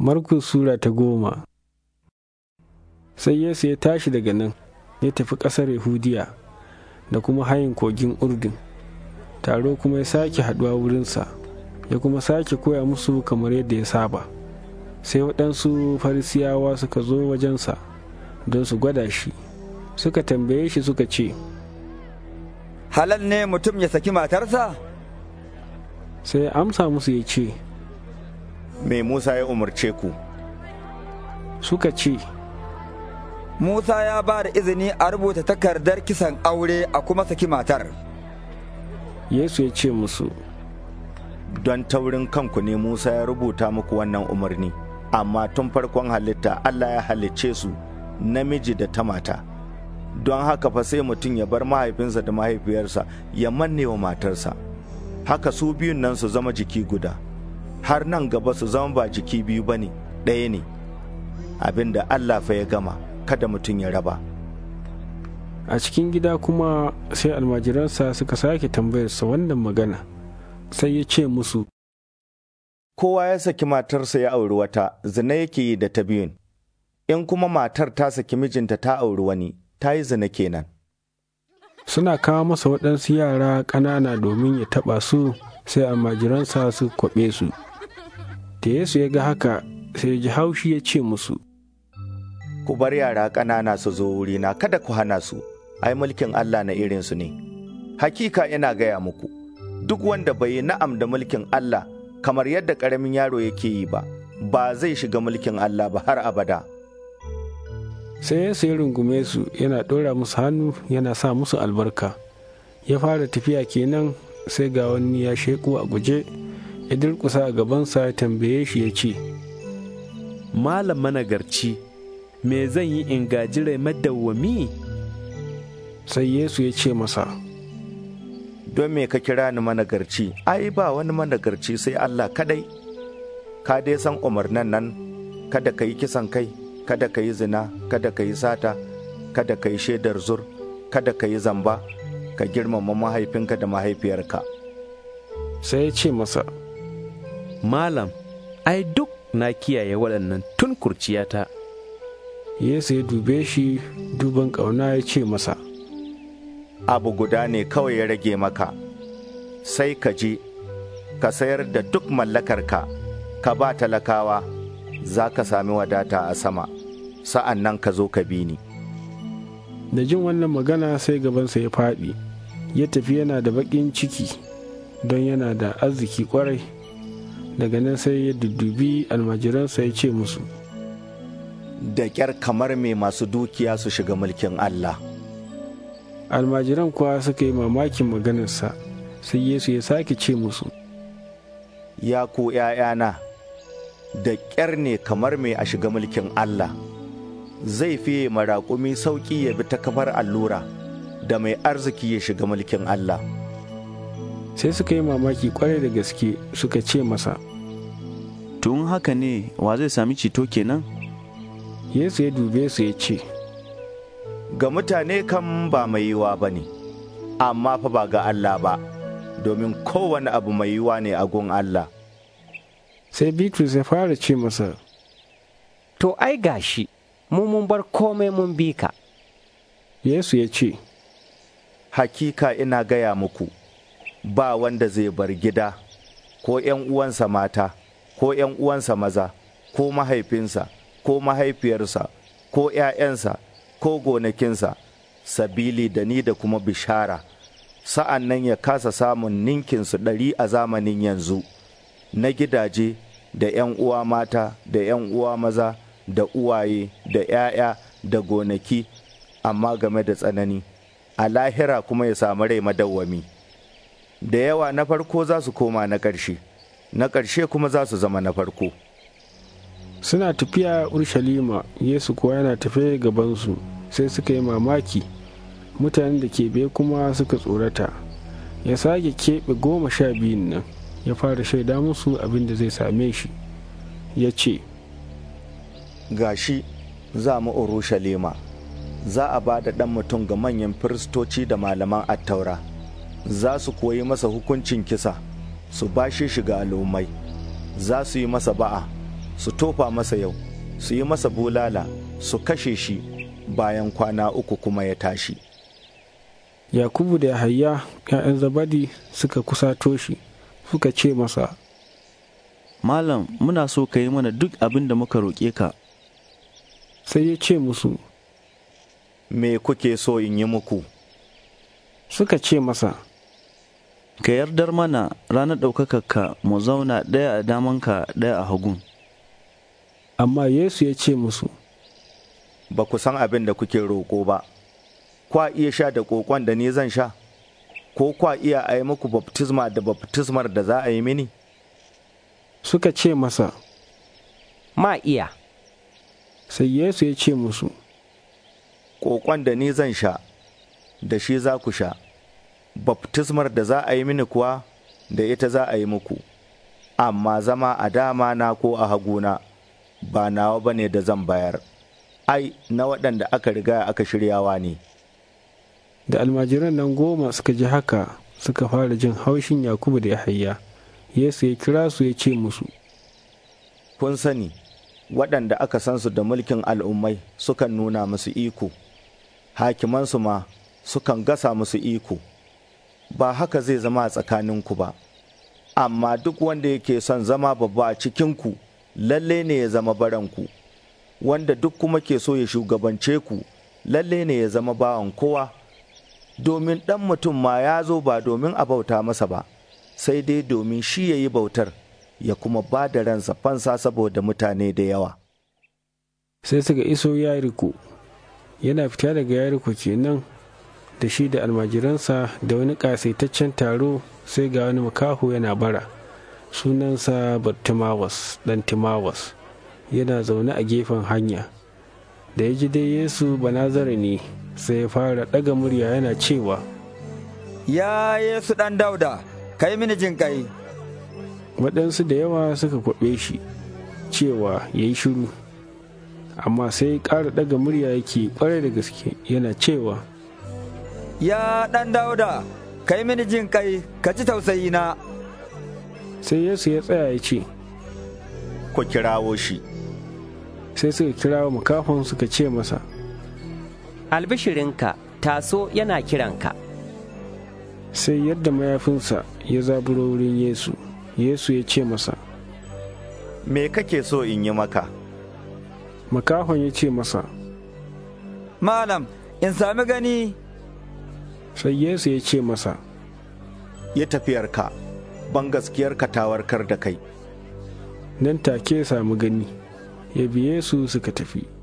Markus Sura ta goma Sai Yesu ya tashi daga nan, ya tafi ƙasar Yahudiya da kuma hayin kogin Urdun, taro kuma ya sake haɗuwa wurinsa, ya kuma sake koya musu kamar yadda ya saba. Sai waɗansu farisiyawa suka zo wajensa don su gwada shi, suka tambaye shi suka ce, Halal ne mutum ya saki matarsa? Sai amsa musu ya ce, mai Musa ya umarce ku. Suka ce, Musa ya ba da izini a rubuta takardar kisan aure a kuma saki matar. Yesu ya ce musu, Don taurin kanku ne Musa ya rubuta muku wannan umarni, amma tun farkon halitta Allah ya halicce su namiji da ta mata. Don haka fa sai mutum ya bar mahaifinsa da mahaifiyarsa ya manne wa matarsa, haka su biyun nan su zama jiki guda. har nan gaba su zama ba jiki biyu ba ne ɗaya ne abin da Allah fa ya gama kada mutum ya raba a cikin gida kuma sai almajiransa suka sake tambayarsa wannan magana sai ya ce musu kowa ya saki matarsa ya auri wata zina yake yi da ta biyun in kuma matar ta saki mijinta ta auri wani ta yi zina kenan suna kawo masa waɗansu yara ƙanana domin ya taɓa su sai almajiransa su kwaɓe su da Yesu ya ga haka sai ji haushi ya ce musu, Ku bar yara ƙanana su zo wurina kada ku hana su, ai mulkin Allah na irinsu ne. Hakika ina gaya muku, duk wanda bai yi na'am da mulkin Allah kamar yadda ƙaramin yaro yake yi ba, ba zai shiga mulkin Allah ba har abada. Sai Yesu ya rungume su yana ɗora musu hannu yana sa musu albarka. Ya fara tafiya kenan sai ga wani ya sheku a guje. ya durƙusa a gabansa ya tambaye shi ya ce malam managarci me zan yi in gaji rai madawwami sai yesu ya ce masa don me ka kira ni managarci ai ba wani managarci sai allah kadai ka dai san umarnan nan kada ka yi kisan kai kada ka yi zina kada ka yi sata kada ka yi shaidar zur kada ka yi zamba ka girmama mahaifinka da mahaifiyarka sai ya ce masa Malam, ai duk na kiyaye waɗannan tun kurciyata. Yesu ya dube shi duban ƙauna ya ce masa, Abu guda ne kawai ya rage maka, sai ka je, ka sayar da duk mallakarka, ka ba talakawa, za ka sami wadata a sama, sa'an nan ka zo ka bi ni. Da jin wannan magana sai gabansa ya faɗi, ya tafi yana da baƙin ciki, don yana da arziki ƙwarai. daga nan sai ya duddubi almajiransa ya ce musu da ƙyar kamar mai masu dukiya su shiga mulkin Allah. almajiran kuwa suka yi mamakin maganarsa sai Yesu ya sake ce musu ya ku ’ya'yana da ƙyar ne kamar mai a shiga mulkin Allah zai fiye marakumi sauƙi ya bi ta kafar allura da mai arziki ya shiga mulkin Allah. sai suka yi mamaki kwarai da gaske suka ce masa tun haka ne wa zai sami ceto kenan yesu ya dube su ya ce ga mutane kan ba mai yiwa ba ne amma fa ba ga allah ba domin kowane abu mai yiwa ne a gun allah sai bitrus ya fara ce masa to ai gashi mu mun bar komai mun bi ka yesu ya ce hakika ina gaya muku ba wanda zai bar gida ko ‘yan uwansa mata ko ‘yan uwansa maza ko mahaifinsa ko mahaifiyarsa ko ‘ya'yansa ko gonakinsa sabili da ni da kuma bishara sa'an nan ya kasa samun ninkinsu ɗari a zamanin yanzu na gidaje da ‘yan uwa mata da ‘yan uwa maza da uwaye da ‘ya'ya da gonaki amma game da tsanani a lahira kuma ya samu rai madawwami. da yawa na farko za su koma na ƙarshe na ƙarshe kuma za su zama na farko suna tafiya urshalima yesu kuwa yana tafe gabansu sai suka yi mamaki mutanen da ke be kuma suka tsorata ya sake keɓe goma sha biyun nan ya fara shaida musu abin da zai same shi ya ce gashi za mu urushalima za a ba da ɗan mutum ga manyan firistoci da malaman attaura za su koyi masa hukuncin kisa su bashe shi ga al'ummai za su yi masa ba'a su tofa masa yau su yi masa bulala su kashe shi bayan kwana uku kuma ya tashi yakubu da yahaya ‘ya'yan zabadi suka kusato shi suka ce masa malam muna so ka yi mana duk abin da muka roƙe ka sai ya ce musu me kuke so in yi muku suka ce masa ka yardar mana ranar ɗaukakarka mu zauna ɗaya a damanka ɗaya a hagun amma yesu ya ce musu ba ku san abin da kuke roƙo ba kwa iya sha da ƙoƙon da ni zan sha ko kwa iya a yi muku baptisma da baptismar da za a yi mini suka ce masa ma iya sai yesu ya ce musu ƙoƙon da ni zan sha da shi za ku sha baftismar da za a yi mini kuwa da ita za a yi muku, amma zama a dama na ko a haguna ba nawa ba ne da zan bayar, ai, na waɗanda aka riga aka shiryawa ne. Da almajiran nan goma suka ji haka suka fara jin haushin Yakubu da Yahaya, Yesu ya kira su ya ce musu. Kun sani, waɗanda aka san su da mulkin al'ummai sukan nuna musu iko, hakimansu ma sukan gasa musu iko. ba haka zai zama a tsakaninku ba amma duk wanda yake son zama babba a cikinku lalle ne ya zama baranku wanda duk kuma ke so ya shugabance ku lalle ne ya zama bawan kowa domin ɗan mutum ma ya zo ba domin a bauta masa ba sai dai domin shi ya yi bautar ya kuma ba da ransa fansa saboda mutane da yawa sai suka iso yariko yana fita daga yariko kenan da shi da almajiransa da wani ƙasaitaccen taro sai ga wani makaho yana bara sunansa Bartimawas dan timawas yana zaune a gefen hanya da ya ji dai yesu banazare ne sai ya fara ɗaga murya yana cewa ya yesu ɗan dauda kai mini jin kai waɗansu da yawa suka kwaɓe shi cewa ya yi shiru amma sai ƙara ɗaga murya yake ƙwarai da gaske yana cewa Ya ɗan dauda, kai mini jin kai, ka tausayi tausayina. Sai Yesu ya tsaya ya ce, Ku kirawo shi. Sai suka kirawo makafin suka ce masa, Albishirinka, taso yana kiranka. Sai yadda mayafinsa ya zaburo wurin Yesu, Yesu ya ce masa, Me kake so in yi maka? Makahon ya ce masa, Malam, in sami gani sai yesu ya ce masa ya tafiyarka ban gaskiyarka ta warkar da kai nan take samu gani ya biye su suka tafi